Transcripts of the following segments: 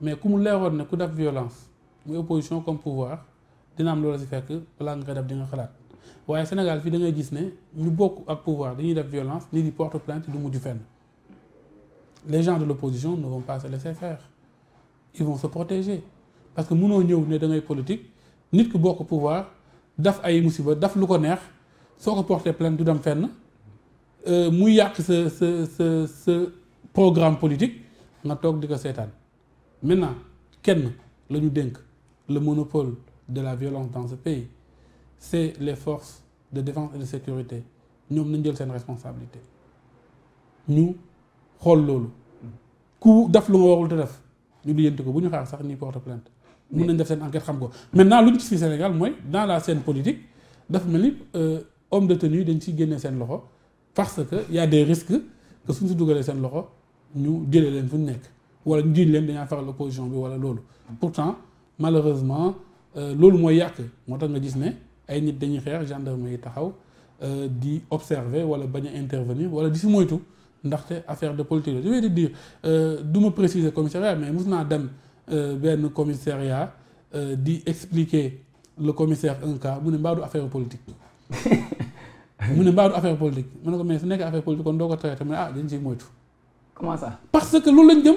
mais comme mu leeroon ne ku def violence muy opposition comme pouvoir dinam lo loola si fekk plan nga koy def di nga xalaat waaye Sénégal fii da ngay gis ne ñu bokk ak pouvoir dañuy def violence ni di porte plainte du mujj fenn les gens de l'opposition ne vont pas se laisser faire ils vont se protéger parce que mënoo ñëw ne da ngay politique nit ki bokk pouvoir daf ay musiba daf lu ko neex soko porter plainte du dem fenn euh, muy yak ce ce ce ce programme politique nga tok di ko maintenant kenn est ñu le monopole de la violence dans ce pays c'est les forces de défense et de sécurité Nous, nañ jël seen responsabilité Nous, xool loolu ku def lu nga warul te def ñu lijjanti ko bu ñu sax ni porte plainte def enquête maintenant lu ñu Sénégal dans la scène politique dafa mel ni euh, homme de tenue dañ scène génnee parce que y a des risques que si nous seen loxo scène, jëlee leen fu ñu nekk wala ñu jiiñ leen dañaa faral opposition bi wala loolu pourtant malheureusement euh, loolu mooy yàq moo tax nga gis ne ay nit dañuy xeex gendarme yi taxaw euh, di observer wala bañ a intervenir wala di si moytu ndaxte affaire de politique je vais dire euh, du ma préciser commissariat mais mus naa dem benn commissariat di expliquer le commissaire un cas mu ne mbaa du affaire politique mu ne mbaa du affaire politique mu ne ko mais su nekkee affaire politique kon doo ko traité mu ne ah dañ siy moytu comment ça parce que loolu lañ dem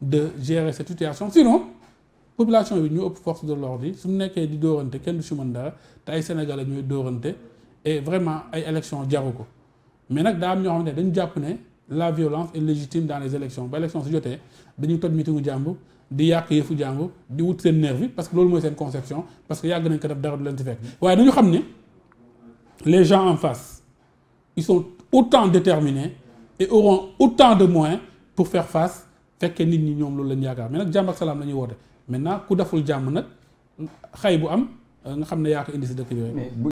de gérer cette situation sinon population est ñu ëpp force de l'ordre Si vous mu nekkee di dóorante kenn du si mën dara te ay Sénégalais ñooy dóorante et vraiment ay élections jaru mais nak daa am ñoo ne dañu japp né la violence est légitime dans les élections ba élections su jotee dañuy toj gens jàmbur di yaq yefu jàmbur di wut sen nervi parce que lolu moy sen conception parce que yag nañ ko def dara du leen ci fekk dañu xamné les gens en face ils sont autant déterminés et auront autant de moyens pour faire face fekkee nit ñi ñoom loolu lañ yaakaar mais nag jàmm ak salaam la ñuy woote maintenant ku deful jàmm nag xay bu am nga xam ne yaa ko indi si dëkk yooyu.